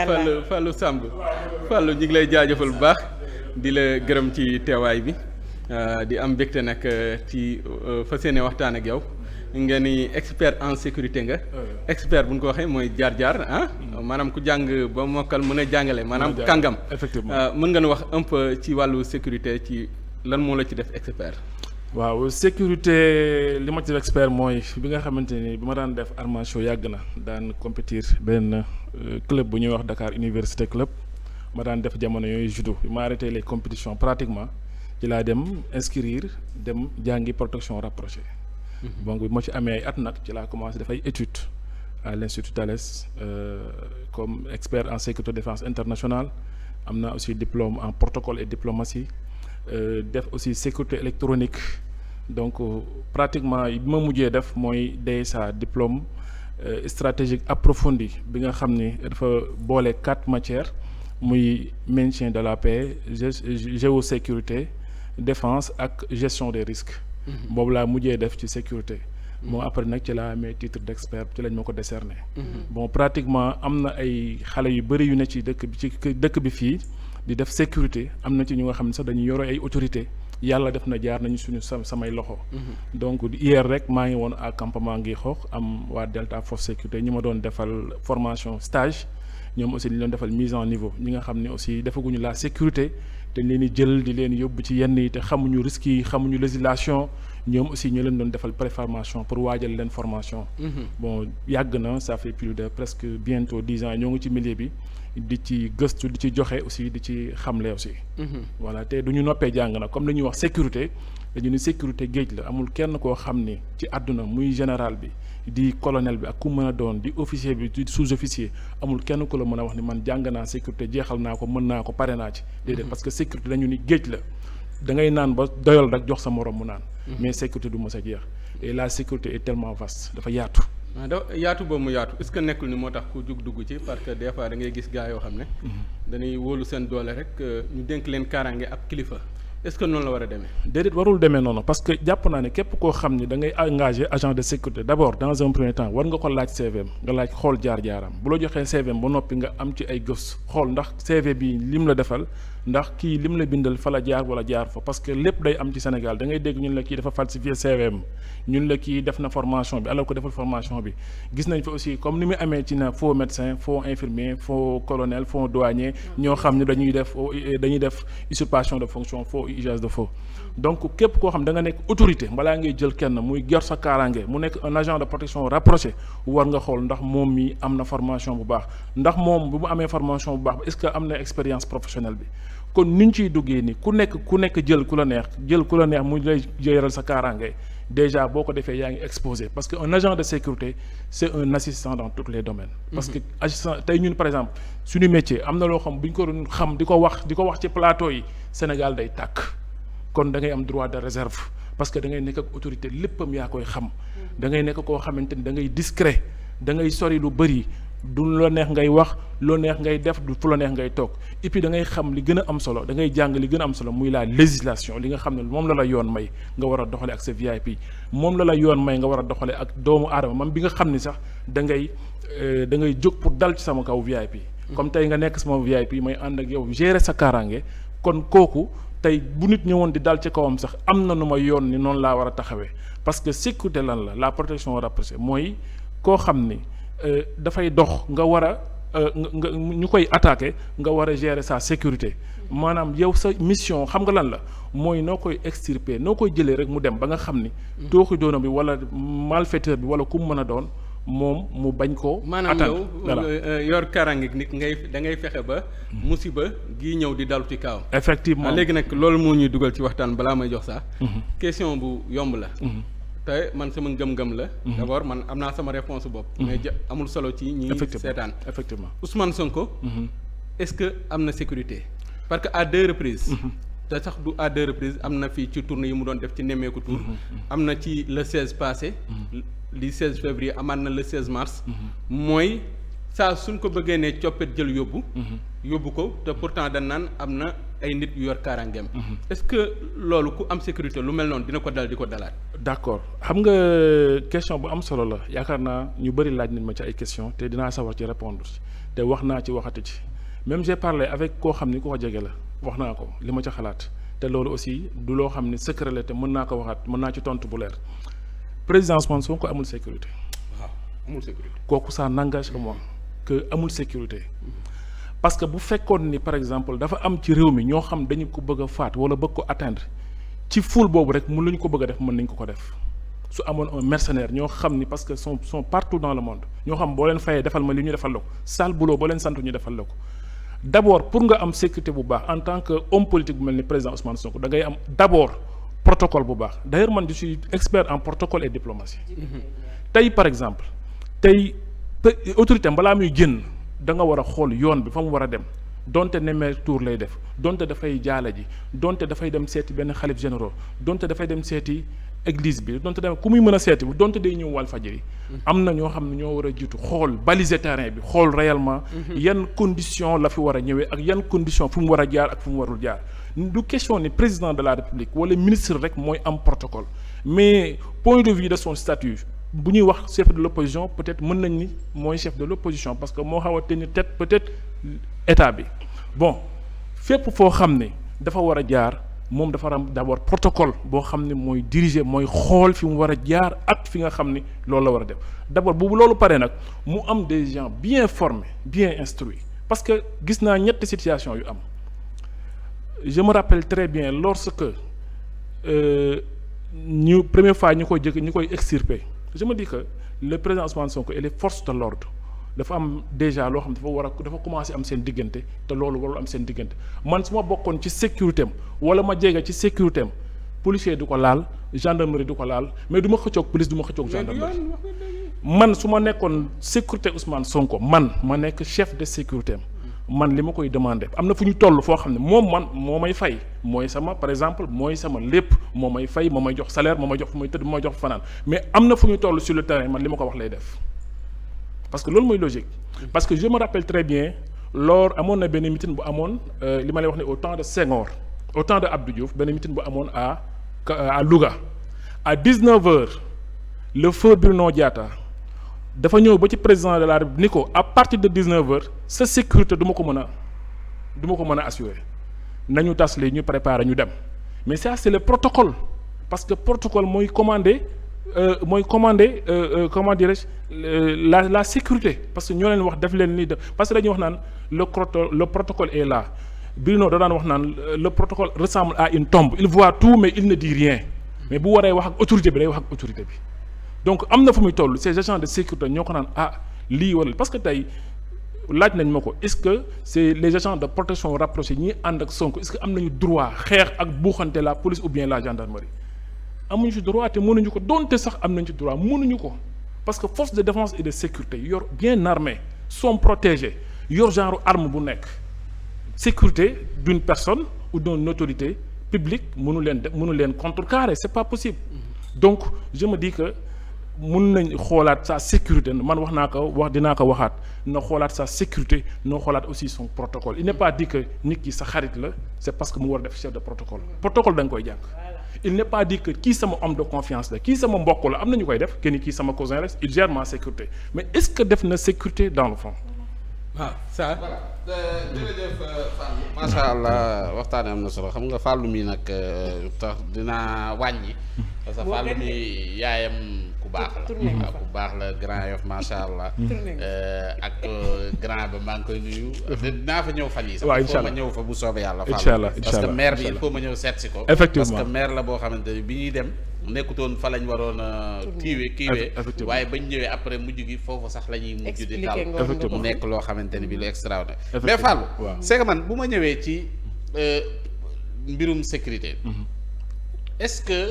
Fallou Fallou Samb Fallou ñu ngi lay jaajëfal bu baax di la gërëm ci teewaay bi euh, di am mbégte nag euh, ci euh, fa seene waxtaan ak yow nga ni expert en sécurité nga expert bu ñu ko waxee mooy jaar-jaar ah mm. maanaam ku jàng ba mokkal mën a jàngale maanaam kàngam effectivement mën nga nu wax un ci wàllu sécurité ci lan moo la ci def expert waaw sécurité li ma ci expert mooy bi nga xamante ni bi ma daan def arts yàgg na daan compétir benn euh, club bu ñuy wax Dakar Université Club ma daan def jamono yooyu judo bi ma arrêté les compétitions pratiquement ci laa dem inscrire dem jàngi protection rapprochée. Mhm. donc bi moo ci amee at nag ci laa commencé def ay études à l'Institut Thalès euh, comme expert en sécurité défense internationale am na aussi diplôme en protocole et diplomatie. Euh, def aussi sécurité électronique donc euh, pratiquement bi ma mujjee def mooy DSA diplôme euh, stratégique approfondi bi nga xam ni dafa boole quatre matières muy maintien de la paix géosécurité défense ak gestion des risques mm-hmm. boobu laa mujjee def ci sécurité moo mm-hmm. après nag ci laa amee titre d' ci lañ moo ko décerné mm-hmm. bon pratiquement am na ay xale yu bëri yu ne ci dëkk bi ci dëkk bi fii di def sécurité am na ci ñu nga xam ne sax dañuy yore ay autorité yàlla def na jaar nañu suñu sam samay loxo. Mhm. donc di hier rek maa ngi woon à campement ngi xoox am waa Delta Force Sécurité ñu ma doon defal formation stage. ñoom aussi dañ leen defal mise en niveau ñi nga xam ne aussi defaguñu laa sécurité dañ leen di jël di leen yóbbu ci yenn yi te xamuñu risques yi xamuñu législation ñoom aussi ñu leen doon defal préformation pour waajal leen formation. Mm-hmm. bon yàgg na ça fait plus de presque bientôt dix ans ñoo ngi ci milieu bi di ci gëstu di ci joxe aussi di ci xam xamle aussi. Mm-hmm. voilà te du ñu noppee jàng na comme li ñuy wax sécurité dañu ni sécurité géej la amul kenn koo xam ni ci àdduna muy général bi. di colonel bi ak ku mën a doon di officier bi di sous-officier amul kenn ku la mën a wax ni man jàng naa sécurité jeexal naa ko mën naa ko pare naa ci mhm. parce que sécurité dañu ni géej la da naan ba doyal rek jox sa morom mu naan mhm. mais sécurité du mës a jeex la sécurité est tellement vaste dafa yaatu ah, yaatu boobu mu yaatu est-ce que nekkul ni moo tax ku jug dugg ci parce que des fois da ngay gis gars yoo xam ne mhm. dañuy wóolu seen doole rek euh, ñu denk leen kaaraange ab kilifa est-ce que noonu la war a demee. déedéet warul demee noonu parce que jàpp naa ne képp ko xam ne da ngay engagé agent de sécurité d'abord dans un premier temps war nga ko laaj CVM nga laaj xool jaar-jaaram bu la joxee CVM ba noppi nga am ci ay gëstu xool ndax CV bi lim la defal. ndax kii li mu la bindal fa la jaar wala jaar fa parce que lépp day am ci Sénégal dangay dégg ñun la kii dafa falsifier CVM ñun la kii def na formation bi alors ko deful formation bi gis nañ fa aussi comme ni muy amee ci na faux médecin faux infirmier faux colonel faux douanier ñoo xam ne dañuy def e, dañuy def usurpation de fonction fo usage de faux donc képp koo xam da nga nekk autorité balaa ngay jël kenn muy ger sa kaaraange mu nekk un agent de protection rapproché war nga xool ndax moom mi am na formation bu baax ndax moom bu mu amee formation bu baax est-ce que am na expérience professionnelle bi kon ni ñu ciy duggee ni ku nekk ku nekk jël ku la neex jël ku la neex mu lay jëral sa kaaraange déjà boo ko defee yaa ngi exposé parce que un agent de sécurité c'est un assistant dans tous les domaines parce que mm-hmm. tey ñun par exemple suñu métier am na loo xam bu ñu ko doon xam di ko wax di ko wax ci plateau yi Sénégal day tàkk kon da ngay am droit de réserve parce que da ngay nekk ak autorité léppam yaa koy xam da ngay nekk koo xamante ni da ngay discret da ngay sori lu bëri du la neex ngay wax loo neex ngay def du fu la neex ngay toog et puis da ngay xam li gën a am solo da ngay jàng li gën a am solo muy la législation li nga xam ne moom la la yoon may nga war a doxale ak sa VIP moom la la yoon may nga war a doxale ak doomu aadama man bi nga xam ni sax da ngay euh, da ngay jóg pour dal ci sama kaw VIP comme tey nekk sama VIP may ànd ak yow sa kaaraange kon kooku tey bu nit ñëwoon di daal ci kawam sax am na nu ma yoon ni noonu laa war a taxawee parce que sécurité lan la la protection rapprochée mooy koo xam ni euh, dafay dox nga war a euh, nga ñu koy attaqué nga war a gérer sa sécurité maanaam yow sa mission xam nga lan la mooy noo koy extirper noo koy jëlee rek mu dem ba nga xam ni. Mm. tooxi doona bi wala malfaiteur bi wala ku mu mën a doon. moom mu bañ ko attan maanaam yow euh, euh, yor karange nit ngay da ngay fexe ba musiba gii ñëw di dalu ci kaaw effectivement ah, léegi nag loolu moo ñuy dugal ci waxtaan balaa may jox sax mhm. question bu yomb la mhm. te man sama ngëm-ngëm la mhm. d'abord man am naa sama réponse bopp mais amul solo ci ñi seetaan effectivement Ousmane Sonko est-ce que am na sécurité parce que à deux reprises te sax du à deux reprises am na fii ci tournée yi mu doon def ci nemmeeku tour mm-hmm. am na ci le saise passé mm-hmm. li 16 février amaat na le 16 mars mm-hmm. mooy saa suñ ko bëggee ne coppet jël yóbbu yóbbu ko te pourtant dañ naan am na ay nit yu yor kaaraangeem est-ce que loolu ku am sécurité lu mel noonu dina ko dal di ko dalaat d'accord xam nga question bu am solo la yaakaar naa ñu bëri laaj nit ma ci ay question te dinaa sawar ci répondre te wax naa ci waxati ci même j'ai parlé avec koo xam ni ku ko la wax naa ko li ma ca xalaat te loolu aussi du loo xam ne secret te mën naa ko waxaat mën naa ci tontu bu leer président Ousmane Sonko amul sécurité. waaw amul sécurité. kooku ça n'engage lu moi que amul sécurité. parce que bu fekkoon ni par exemple dafa am ci réew mi ñoo xam dañu ko bëgg faat wala bëgg ko atteindre ci foule boobu rek mën lañu ko bëgg a def mën nañu ko ko def su amoon un mercenaire ñoo xam ni parce que sont sont partout dans le monde ñoo xam boo leen fayee defal ma li ñu defal la ko sale boulot boo ñu defal la ko d' abord pour nga am sécurité bu baax en tant que homme politique bu mel ni président Ousmane Sonko da ngay am d' abord protocole bu baax d' ailleurs man je suis expert en protocole et diplomatie. tey par exemple tey autorité am balaa muy génn da nga war a xool yoon bi fa mu war a dem donte ne nemmee tour lay def donte dafay jaala ji donte dafay dem seeti benn xalif généraux donte dafay dem seeti église bi donte dafa ku mën a seeti bu donte day ñëw Walfadjri am na ñoo xam ne ñoo war a jiitu xool baliser terrain bi xool réellement mhm. yan condition la fi war a ñëwee ak yan condition fu mu war a jaar ak fu mu warul jaar du question ni président de la république wala ministre rek mooy am protocole mais point de vue de son statut bu ñuy wax chef de l'opposition peut-être mën nañ ni mooy chef de l'opposition parce que moo xaw a tenir tête peut-être état bi bon fépp foo xam ne dafa war a jaar moom dafa am d' abord protocole boo xam ne mooy diriger mooy xool fi mu war a jaar ak fi nga xam ni loolu la war a def d' abord bu loolu pare nag mu am des gens bien formés bien instruits parce que gis naa ñetti situation yu am je me rappelle très bien lorsque euh, ñu euh, fois ñu koy jëkk ñu koy extirper je me dis que le président Ousmane Sonko et les force de l'ordre dafa am déjà loo xam dafa war a ko dafa commencé am seen diggante te loolu warul am seen diggante man su ma bokkoon ci sécurité am wala ma jege ci sécurité am policier du ko laal gendarmerie du ko laal mais du ma xëccoog police du ma xëccoog gendarmerie man su ma nekkoon sécurité Ousmane Sonko man ma nekk chef de sécurité am man li ma koy demander am na fu ñu toll foo xam ne moom man moo may fay mooy sama par exemple mooy sama lépp moo may fay moo may jox salaire moo may jox fu may moo jox fanaan mais am na fu ñu toll sur le terrain man li ma ko wax lay def parce que loolu mooy logique mm-hmm. parce que je me rappelle très bien lors amoon na benn meeting bu amoon euh, li ma lay wax ne au temps de Senghor au temps de Abdou Diouf benn meeting bu amoon à à Louga à 19 heures le feu Bruno Diatta dafa ñëw ba ci président de la République ni ko à partir de 19 heures sa sécurité du ma ko mën a du ma ko mën a assurer nañu tass li ñu préparer ñu dem mais ça c'est le protocole parce que protocole mooy commandé Euh, mooy commander euh, euh, comment dirais la la sécurité parce que ñoo leen wax def leen nii de parce que dañuy wax naan le proto le protocole est là Bruno da daan wax naan le protocole ressemble à une tombe il voit tout mais il ne dit rien mais bu waree wax ak autorité bi day wax ak autorité bi donc am na fu muy toll ces agents de sécurité ñoo ko naan ah lii wala parce que tey laaj nañ ma ko est-ce que c'est les agents de protection rapprochés ñi ànd ak Sonko est-ce que am nañu droit xeex ak la police ou bien la gendarmerie. amuñu ci droit te mënuñu ko donte sax am nañu ci droit mënuñu ko parce que force de défense et de sécurité yor bien armés sont protégés yor genre arme bu nekk sécurité d'une personne ou doon autorité publique mënu leen mënu leen contrecarrer c'est pas possible donc je me dis que mun nañ xoolaat sa sécurité man wax naa ko wax dinaa ko waxaat na xoolaat sa sécurité noo xoolaat aussi son protocole il n'est pas dit que nit ki sa xarit la c'est parce a def chef de protocole protocole da koy jàng il n'est pas dit que kii sama homme de confiance la kii sama mbokk la am na ñu koy def kenn kii sama cousin la il gère sécurité mais est-ce que def na sécurité dans le fond. waaw ah, ça. voilà euh, jërëjëf euh, allah waxtaane am na solo xam nga Fallou mi nag euh, tax dinaa wàññi. Mm-hmm. parce que Fallou mi yaayam. baax la ku baax la grand yof macha allah. Eh, ak euh, grand ba maa ngi koy nuyu. Mhm. fa ñëw fan yii sax. waaw incha allah ma fa bu soobee yàlla. incha allah parce maire bi il faut ma ñëw seet si ko. effectivement maire la boo xamante ne bi ñuy dem. nekkutoon fa lañ waroon a. Euh, kiiwee kiiwee waaye bañ ñëwee après mujj gi foofu sax lañuy ñuy mujj di daal mu nekk loo xamante ni bi lu mhm. extraordinaire mais Fallou c'est que man bu ma ñëwee ci euh, mbirum sécurité mhm. est-ce que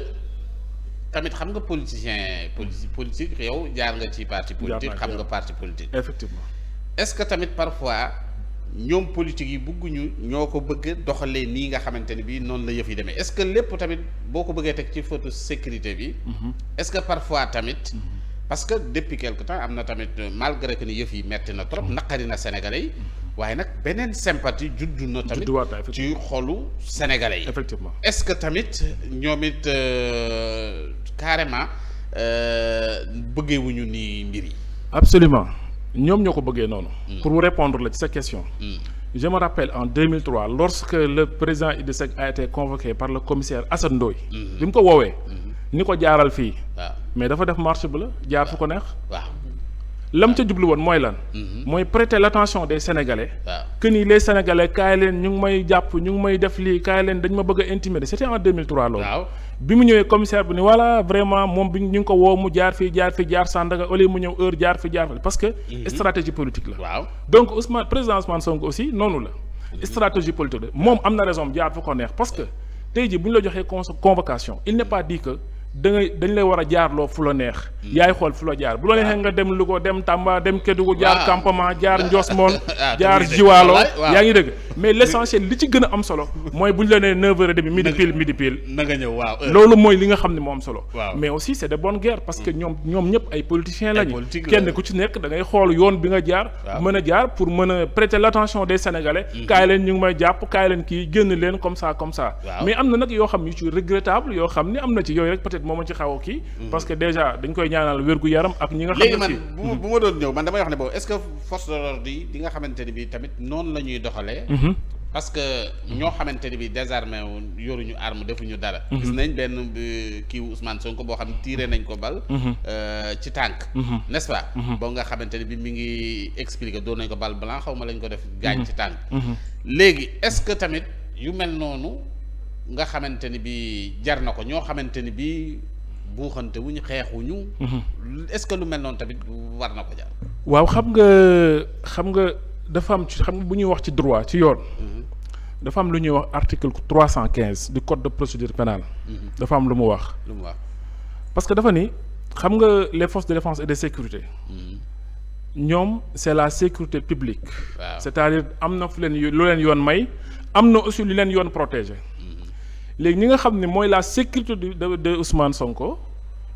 tamit xam nga politicien politi politique yow jaar nga ci parti politique xam nga parti politique effectivement est-ce que tamit parfois ñoom politique yi bëgguñu ñoo ko bëgg doxalee nii nga xamante ni bii noonu la yëf yi deme est-ce que lépp tamit boo ko bëggee teg ci photo sécurité bi mhm. est-ce que parfois tamit mhm. parce que depuis quelque temps am na tamit euh, malgré que ni yëf yi metti na trop mhm. naqari na sénégalais yi waaye nag beneen sympathie juddu na tamit ci xolu sénégalais yi effectivement est-ce que tamit ñoom it euh, carrément euh, bëggee ñu ni mbir yi. absolument ñoom ñoo ko bëggee noonu. Mm. pour vous répondre la ci sa question. Mm. je me rappelle en 2003 lorsque le président Idrissa Seck a été convoqué par le commissaire Assane Ndoye. Mm-hmm. bi mu ko woowee. Mm-hmm. ni ko jaaral fii. mais dafa def marche bleue jaar fu ko neex. la lam ca jublu woon mooy lan. Mhm. mooy prêter l'attention des de waaw que ni les sénégalais kaay leen ñu ngi may jàpp ñu ngi may def lii kaay leen dañ ma bëgg a intimider c'était en 2003 loolu. waaw bi mu ñëwee commissaire bi ni voilà vraiment moom bi ñu ngi ko woo mu jaar fii jaar fi jaar Sandaga au lieu mu ñëw heure jaar fi jaar fa parce que. Mhm. stratégie politique la. waaw donc Ousmane président Ousmane Sonko aussi noonu la. Mhm. stratégie politique la moom am na raison jaar fu ko neex parce que tey jii bu la joxee convocation il n'est danga dañu lay war a jaarloo fu la neex. Hmm. yaay xool fu la jaar bu la neexee nga dem Louga dem Tamba dem ko jaar campement jaar njoos Ndiosmone. Ah, jaar Jiwaalo yaa ngi dëgg. mais l' essentiel li ci gën a am solo mooy bu ñu la nee neuf heures et demi midi pile loolu mooy li nga xam ne moo am solo mais aussi c' est de bonne guerre parce que ñoom ñoom ñëpp ay politiciens lañu kenn ku ci nekk da xool yoon bi nga jaar mën a jaar pour mën a prêter l' attention des sénégalais mm-hmm. kaay leen ñu ngi may jàpp kaay leen kii génn leen comme ça comme ça mais am na nag yoo xam yu ci regrettable yoo xam ne am na ci yooyu rek peut être moo ci xaw a kii mm-hmm. parce que nga xam ne bu tamit noonu la ñuy doxalee mm-hmm. Mhm. parce que ñoo xamante ni bi désarmé wu yoruñu arme defuñu dara. Mhm. gis nañ benn euh, kii Ousmane Sonko boo xam ne tiire nañ ko bal. Mhm. Euh, ci tànk. n'est-ce pas. boo nga xamante ni bi mi ngi expliqué doon nañ ko bal blanc xaw ma lañ ko def. gaañ ci tànk. léegi ce que tamit yu noonu nga xamante ni bi jar na ko ñoo xamante ni bi buuxante wuñu xeexuñu. est-ce lu mel noonu tamit war na xam nga xam nga. dafa am ci xam nga bu ñuy wax ci droit ci yoon. Mm-hmm. dafa am lu ñuy wax article trois cent quinze du code de procédure pénale. Mm-hmm. dafa am lu mu wax. lu mu parce que dafa ni xam nga les forces de défense et de sécurité. Mm-hmm. ñoom c' est la sécurité publique. waaw à dire am na fu leen lu leen yoon may am na aussi lu leen yoon protégé. léegi ñi nga xam ne mooy la sécurité de de Ousmane Sonko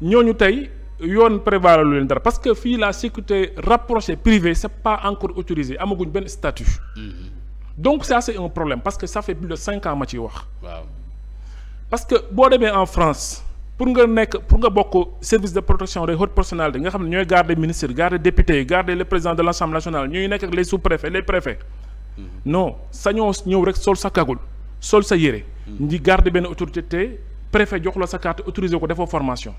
ñooñu tey. yoon prévoir lu leen dara parce que fii la sécurité rapprochée privée c'est pas encore autorisé amaguñ benn statut mhm. donc ça c'est un problème parce que ça fait plus de cinq ans ma ciy wax parce que boo demee en France pour nga nekk pour nga bokk service de protection des hautes personnalités nga xam ne ñooy garder ministre garder député garder le président de l'Assemblée nationale ñooy nekk ak les sous-préfets les préfets mhm. non sañoo ñëw rek sol sa kagul sol sa yére ñi mhm. garder benn autorité te jox la sa carte autorisé ko defoo formation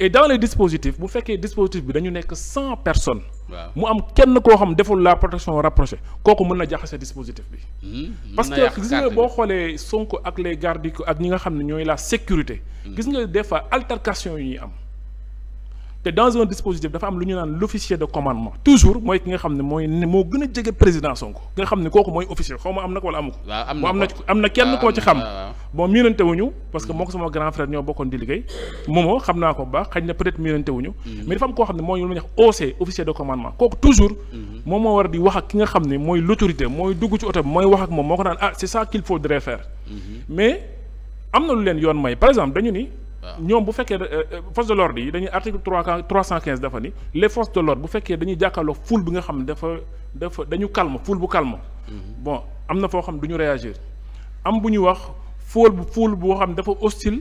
et dans les dispositifs bu fekkee dispositif bi dañu nekk cent personnes. mu am kenn koo xam deful la protection rapprochée kooku mën na jaxase dispositif bi. Hmm, parce que gis nga boo xoolee Sonko ak les gardes ak ñi nga xam ne ñooy la sécurité. Hmm. gis nga des fois altercation yi ñuy am. te dans un dispositif dafa am lu ñu naan l' officier de commandement toujours mooy ki nga xam ne mooy moo gën a jege président Sonko nga xam ne kooku mooy officier xaw ma am na ko wala amu ko. am na am na kenn koo ci xam. Ah, bon miinante wuñu parce que mm. moo ko sama grand frère ñoo bokkoon di liggéey moomoo xam naa ko baax xëy na peut être miinante wuñu mm. mais dafa am koo xam ne mooy lu ñuy wax OC officier de commandement kooku toujours. Mm-hmm. moom moo war di wax ak ne mooy l' autorité mooy dugg moo ko naan ah c' est ça qu' il faudrait mm-hmm. na lu leen yoon may par exemple dañu ni. ñoom bu fekkee euh, euh, force de l'ordre yi dañuy article trois trois cent quinze dafa ni les forces de l'ordre bu fekkee dañuy jàkkaarloo foule bi nga xam dafa dafa dañu calme foule bu calme mm-hmm. bon am na foo xam du ñu réagir am bu ñu wax foule bu foule boo xam dafa hostile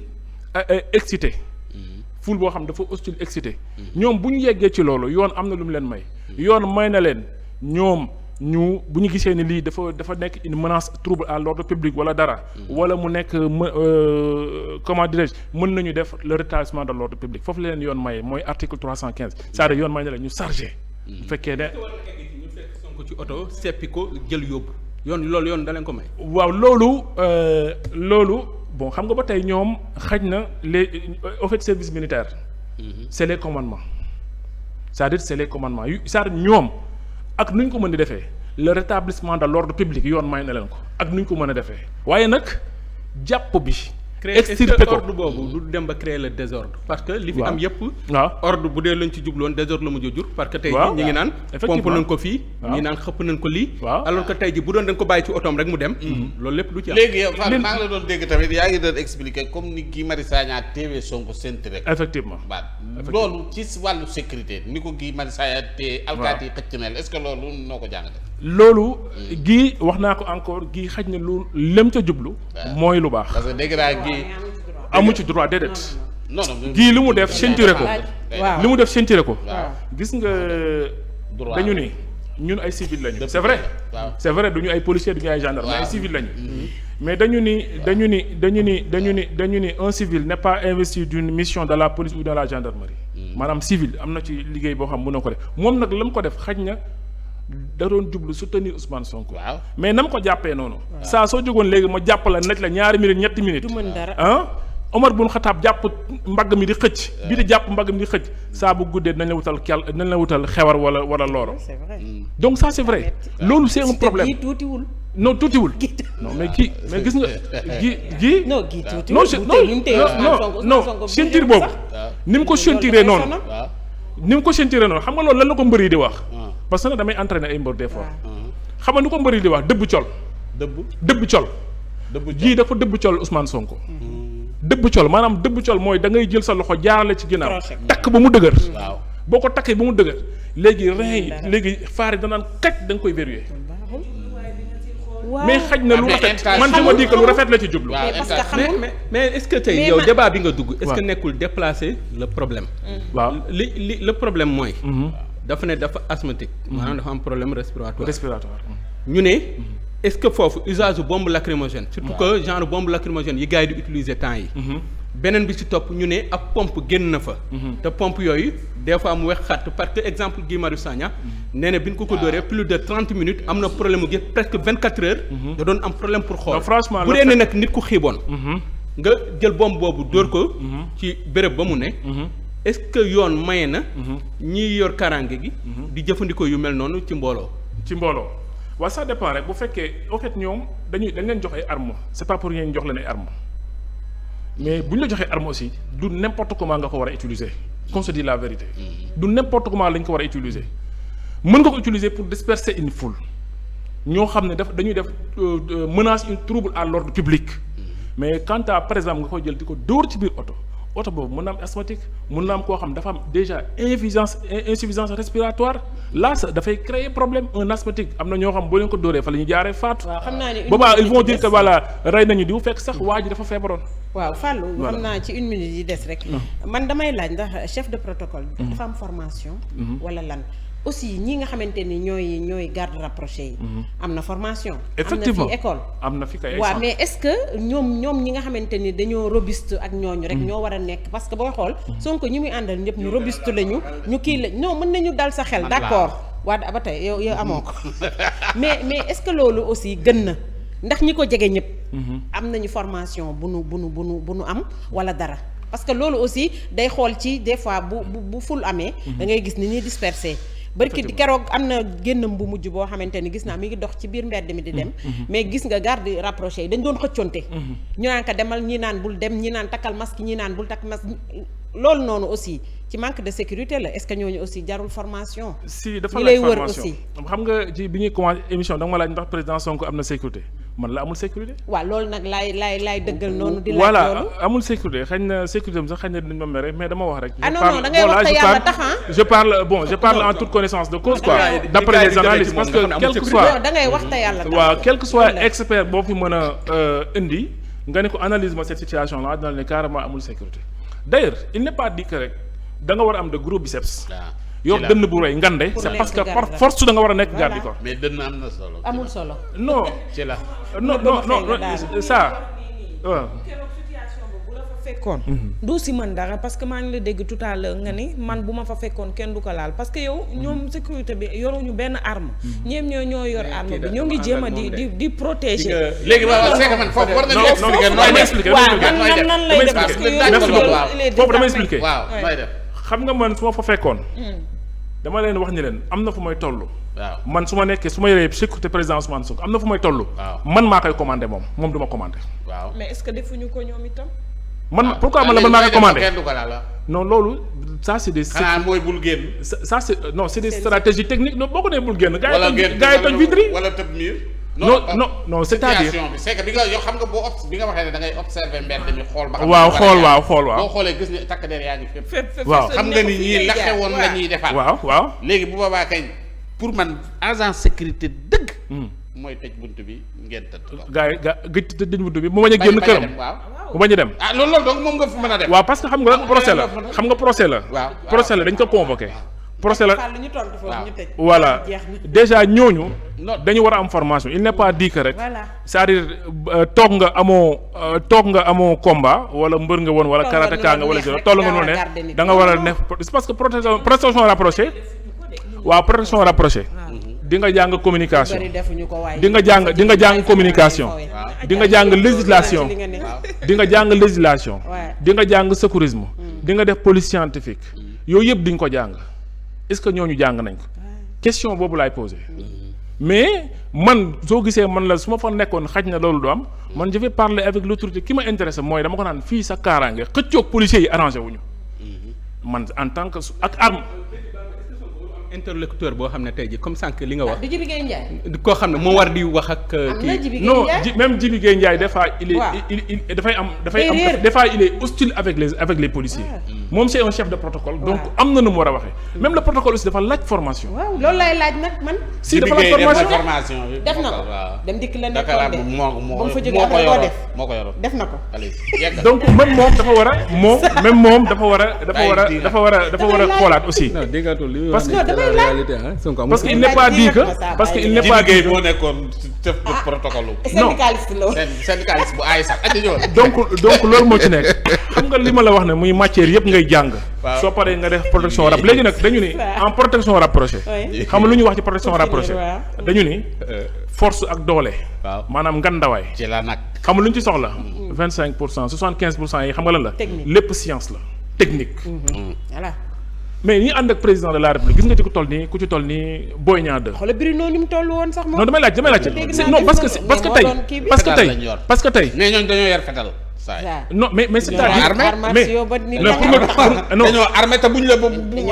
excité foule boo xam dafa hostile excité ñoom bu ñu yeggee ci loolu yoon am na lu mu leen may mm-hmm. yoon may na leen ñoom ñu bu ñu gisee ni lii dafa dafa nekk une menace trouble à l'ordre public wala dara. wala mu nekk euh, comment dirais-je mën nañu def le rétablissement de l'ordre public foofu la leen yoon maye mooy article trois cent quinze. c'est-à-dire yoon may ne la ñu chargé. bu mm-hmm. fekkee ne. ñu fekk ci oto seppi ko jël yóbbu yoon loolu yoon da ko may. waaw loolu euh, loolu bon xam nga ba tey ñoom xaj na les euh, au service militaire. Mm-hmm. c'est les commandements c'est-à-dire les commandements yu cest à ñoom. ak nuñ ko mën di defee le rétablissement de l'ordre public yoon may na leen ko ak nu ñu ko mën a defee waaye nag jàpp bi extirpé ko ordre boobu du dem ba créer le désordre. parce que li fi am yëpp. waaw ordre bu dee lañ ci jubloon désordre la mujj jur. parce que tey jii ñu ngi naan. pompe nañ ko fii. ñi naan xëpp nañ ko lii. alors que tey ji bu doon dañ ko bàyyi ci otoom rek mu dem. Mm-hmm. loolu lépp du ci am. léegi yow Fall maa ngi la doon dégg tamit yaa ngi doon expliqué comme ni Guy Marius Sagna téewee Sonko sent rek. effectivement loolu ci wàllu sécurité ni ko Guy Marius Sagna téye. waaw loolu gii wax naa ko encore gii xaj na lu lem ca jublu. mooy lu baax. parce que dégg naa amu ci droit déedéet. non non gii li mu def ceinturé ko. li mu def ceinturé ko. gis nga dañu ni ñun ay civil lañu. c'est vrai c'est vrai duñu ay policier duñu ay gendarme ay civil lañu. Mm-hmm. mais dañu ni dañu ni dañu ni dañu ni dañu ni un civil n'est pas investi d'une mission de la police ou de la gendarmerie. Mm. maanaam civil am na ci liggéey boo xam mën na ko def moom nag la mu ko def xaj na. da doon jublu soutenir Ousmane Sonko. waaw mais na mu ko jàppee noonu. saa soo jógoon léegi ma jàpp la nekk la ñaari minute ñetti minute. du mën dara ah. Omar Xataab jàpp mbagg mi di xëcc. bii di jàpp mbagg mi di xëcc. saa bu guddee dinañ la wutal kel dinañ la wutal xewar wala wala loolu. Mm. donc ça c' est vrai. loolu c' est un problème no tuutiwul. non mais kii mais gis nga gi gi. non gi tuutiwul non non non ceinture boobu. ni mu ko ceinturee noonu. ni mu ko ceinturee noonu xam nga lool lan la ko mbër di wax. parce que damay entraîner ay mbër des fois. Mhm. xam nga nu ko mbëri di wax dëbb col. dëbb dëbb col. jii dafa dëbb col Ousmane Sonko. Mhm. dëbb col maanaam dëbb col mooy da ngay jël sa loxo jaarale ci ginnaaw. takk ba mu dëgër. waaw boo ko takkee ba mu dëgër. léegi rein léegi faar yi danaan kaj da nga koy verrouiller. mais xaj na lu rafet man dama di que lu rafet la ci jublu. mais mais est-ce que tey yow débat bi nga dugg. est que nekkul déplacer le problème. waaw li li le problème mooy. Mhm. dafa ne dafa asthmatique. Mm-hmm. maanaam dafa am problème respiratoire. respiratoire mm-hmm. ñu ne. Mm-hmm. est foofu usage bombe lacrymogène. surtout que genre bombe lacrymogène yi gars di utiliser temps yi. beneen bi ci topp ñu ne ab pompe génn na fa. te pompe yooyu des fois mu wex xatt que exemple Guy Marius Sagna. nee bi ñu ko ko dóoree ah. plus de trente minutes am na problème mu presque vingt quatre heures. da doon am problème pour xool. franchement bu dee ne nag nit ku xiiboon. nga jël bombe est-ce que yoon maye na. Mhm. ñiy yor karange gi. Mhm. di jëfandikoo yu mel noonu ci mbooloo. ci mbooloo waaw sa dépend rek bu fekkee en fait ñoom dañuy dañ leen jox ay armes c'est pas pour ngeen jox leen ay armes mais bu ñu la joxee arme aussi du n'importe comment nga ko war a utiliser qu'on se dit la vérité. Mhm. du n'importe comment lañ ko war a utiliser. mën nga ko utiliser pour disperser une foule ñoo xam ne daf dañuy def euh, euh, menace une trouble à l'ordre public mais quant par exemple nga koy jël di ko ci biir oto. oto boobu mën na am asthmatique mën na am koo xam dafa am déjà insuffisance insuffisance respiratoire là ça dafay créer problème un asthmatique am na ñoo xam boo leen ko dóoree fa la ñuy jaaree faatu. waaw xam naa ne boobaa ils vont dire que voilà rey sax mm. waa ji dafa feebaroon. waaw Fallou xam naa ci une minute yi des rek. man damay laaj ndax chef de protocole. Mm. dafa am formation. Mm-hmm. wala lan. aussi ñi nga xamante ni ñooy ñooy garde rapproché yi. Mhm. am na formation. effectivement am na fi école. am na fi mais est-ce que ñoom ñoom ñi nga xamante ni dañoo robuste ak ñooñu rek. Mhm. ñoo war a nekk parce que booy xool. Mhm. Sonko ñi muy àndal ñëpp ñu robuste lañu. ñu kii lañ non mën nañu dal sa xel. d'accord waaw ah, ba tey yow yow amoo ko. mais mais est-ce que loolu aussi gën na ndax ñi ko jege ñëpp. am nañu formation bu nu bu nu bu nu bu nu am wala dara. parce que loolu aussi day xool ci des fois bu bu bu ful amee. da ngay gis ni ñuy disperser. barki di keroog am na génnam bu mujj boo xamante ni gis naa mi ngi dox ci biir mbedd mi di dem mm-hmm. Mm-hmm. mais gis nga garde rapproché yi dañ doon xëccoonte mm-hmm. ñu naan ko demal ñi naan bul dem ñi naan takkal masque ñi naan bul takk masque loolu noonu aussi ci manque de sécurité la est-ce que ñooñu aussi jarul formation si dafa laaj formation ñi lay wër aussi xam nga ci bi ñuy commencé émission da nga ma laaj président Sonko am na sécurité man la amul sécurité. waa loolu nag laay laay laay dëggal noonu. di la loolu amul sécurité xëy na sécurité am sax xëy na dinañ ma mere mais dama wax rek. ah non non da ngay wax te yàlla tax je parle bon je parle en toute connaissance de cause quoi. d'après les analyses parce que quel soit. da wax te yàlla tax waaw quel que soit expert boo fi mën a euh, indi. nga ne ko analyse ma cette situation là dina ne carrément amul sécurité d'ailleurs il n'est pas dit rek da nga war am de gros biceps. Ah. yor dënn bu rëy ngande c'est parce que par force da war a nekk garde du na solo amul solo non ci la non non non ça fekkoon doo si mën dara parce que maa ngi la dégg tout à nga ni man bu ma fa fekkoon kenn du ko laal parce que yow ñoom sécurité bi yoruñu benn arme ñeem ñoo ñoo yor arme bi ñoo ngi jéem a di di di protéger léegi waaw c'est que man foofu war nañu xam nga man su fa fekkoon dama leen wax ni leen am na fu may toll. waaw man su ma nekkee su ma yoree sécurité président Ousmane Sonko am na fu may toll. man maa koy commandé moom moom du ma commandé. waaw mais est-ce que defuñu ko ñoom itam. man ah, pourquoi man la ah, man maa koy commandé ah. non loolu ça c'est des. xanaa mooy bul génn. ça c'est boo ko nee bul génn. wala yi toj gars yi toj vitre non no non c'est-à-dire bi nga yow xam nga boo ob bi nga waxee ne da ngay observer mbedd xool. ba xam waaw xoolee gis ne takk der yaa ngi fépp. waaw xam nga ni ñii la xewoon la ñuy defaat. waaw waaw léegi bu boobaa kañ pour man agent sécurité dëgg. Hmm. mooy tëj buntu bi ngeen tëdd. gaa yi gaa gëj tëj buntu bi mu bañ a génn këram mu bañ a dem. ah loolu loolu a def. waaw parce xam nga procès la xam nga procès la. procès la dañ ko convoqué. procès la ñu tontu foofu ñu tëj voilà déjà ñooñu dañu war a am formation il n'est pas dit rek cest à euh, toog nga amoo euh, toog nga amoo combat wala mbër nga woon wala karateka nga wala jël toll nga noonu ne da nga war a ne c'est parce que protection rapprochée waaw protection rapprochée di nga jàng communication di nga jàng di nga jàng communication di nga jàng législation di nga jàng législation di nga jàng secourisme mm. di nga def police scientifique mm. yooyu yëpp di nga ko jàng est-ce que ñooñu jàng nañ ko question boobu laay posé mais man soo gisee man la su ma fa nekkoon xaj na loolu du am man je vais parler avec l'autorité ki ma intéressé mooy dama ko naan fii sa kaaraange xëccoog policiers yi arrangé wuñu mm-hmm. man en tant que ak arme interlocuteur boo xam ne tey jii comme sànq li nga wax. Ah, du Jibi Gueye Ndiaye. ko xam ne moo war di wax ak. kii non ji même Jibi Gueye Ndiaye des fois il dafay am. dafay am des fois il avec les avec les policiers. Ah. moom c'est un chef de protocole. donc am na nu mu war a waxee. même le protocole aussi dafa laaj formation. waaw loolu lay laaj nag man. si dafa laaj formation def na ko dem def na ko. donc même moom dafa war a moom même moom dafa war a dafa war a dafa war a dafa war a xoolaat aussi. non déggatul li parce que damay laaj que il n'est pas dit que parce que il n'est pas dit que moo ah, loolu moo ci nekk. xam nga li ma la wax ne muy matière yëpp ngay jàng. soo paree nga def protection rap léegi nag dañu ni. en protection rapprochée. xam lu ñu wax ci protection rapprochée. dañu ni euh. force ak doole. waaw ngan ndawaay ci la nag xam lu ñu ci soxla. vingt cinq pour cent soixante quinze pour cent yi xam nga lan la. lépp science la technique. Mhm. Mm. voilà. mais ñi ànd ak président de la république gis nga ci ku toll nii ku ci toll nii Boy Niang 2. xoolal bëri noonu mu toll woon sax moom. damay laaj damay laaj non parce que tey parce tey parce tey. mais ñooñu dañoo yar fetal. non mais mais cest à mais non dañoo armé te buñ la bu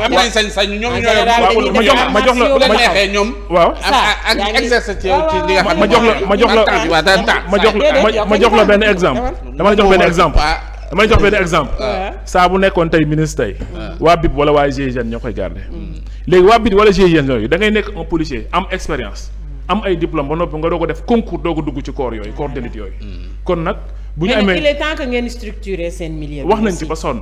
am nañ sañ-sañ ñoom ñoo ma jox ma jox la ma ñoom waaw ak exerce ci li nga xam ma jox la ma jox la ma jox la ma jox la benn exemple dama la jox benn exemple damay jox benn exemple. Ah. saa bu nekkoon tey ministre tey. Ah. waa BIP wala waa GIGN ñoo koy garder. Mm. léegi waa BIP wala GIGN yooyu da nekk un policier am expérience. Mm. am ay diplôme ba noppi nga doo ko def concours doo ko dugg ci corps yooyu corps d'élite yooyu. Mm. kon nag. bu ñu amee wax nañ ci ba sonn.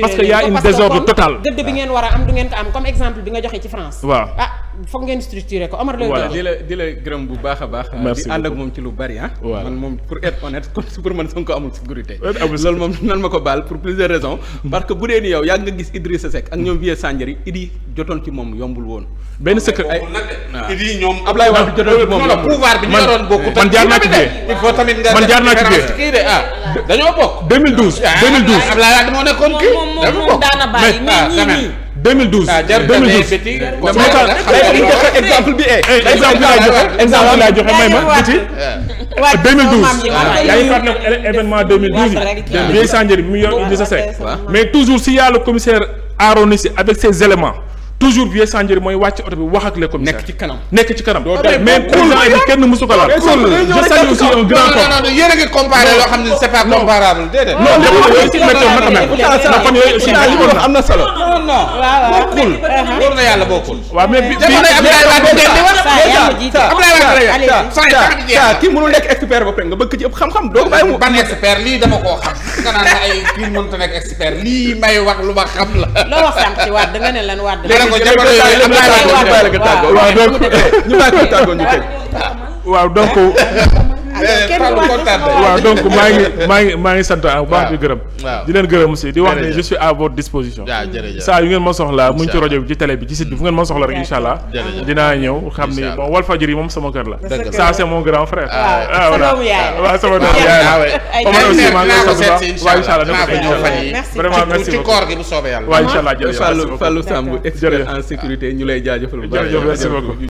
parce que y a une désordre totale. gëdd bi ngeen war a am du ngeen ko am comme exemple bi nga joxe ci France. waaw ah, foog ngeen structuré ko Omar di la di la gërëm bu baax a baax. di ànd ak moom ci lu bari ah. man moom pour être honnête kon pour man Sonko amul sécurité. loolu moom nan ma ko baal pour plusieurs raisons. parce bu dee ni yow yaa nga gis Idrissa Seck ak ñoom Vieux Sandiari Idi jotoon ci moom yombul woon. benn secret ah. ay man jaar naa ci man jaar naa ci biir kii de ah dañoo bokk. 2012 2012 ah, Ablaye Wade moo nekkoon kii dafa bokk mais ah, 2012. ah jarul da ngay béti exemple bi exemple joxe exemple laa joxe may ma béti. 2012 eh. ah, yaa ngi fàttali ko événement 2012 yi. mais toujours si yàlla commissaire aaroon na si avec ses éléments. toujours vieux Sandiari mooy wàcc oto bi wax ak les commissaires. nekk ci kanam nekk ci kanam. Ah, mais président yi a am na solo. non non saa kii mënul nekk expert ba pare nga bëgg ci ëpp xam-xam doo ko bàyyi mu ban expert lii dama koo xam nga naan ay kii mënut a expert lii may wax lu ma xam la loo wax ci waat da ne lan waat da ko jamono ñu bàyyi ko tàggoo ñu teg waaw donc waaw donc maa ngi maa ngi maa ngi sant bu baax di gërëm di leen gërëm aussi di wax ne je suis à votre disposition saa yu ngeen ma soxla muñ ci rajo bi ci télé bi ci site bi fu ngeen ma soxla rek incha allah dinaa ñëw xam ni bon Walfadjri moom sama kër la ça c'est mon grand frère ah, ah voilà waaw sama doom yaay la ah, man aussi maa ngi sant bu baax waaw incha allah vraiment merci beaucoup waaw incha allah jërëjëf Fallou Samb expert en sécurité ñu lay jaajëfal bu baax jërëjëf merci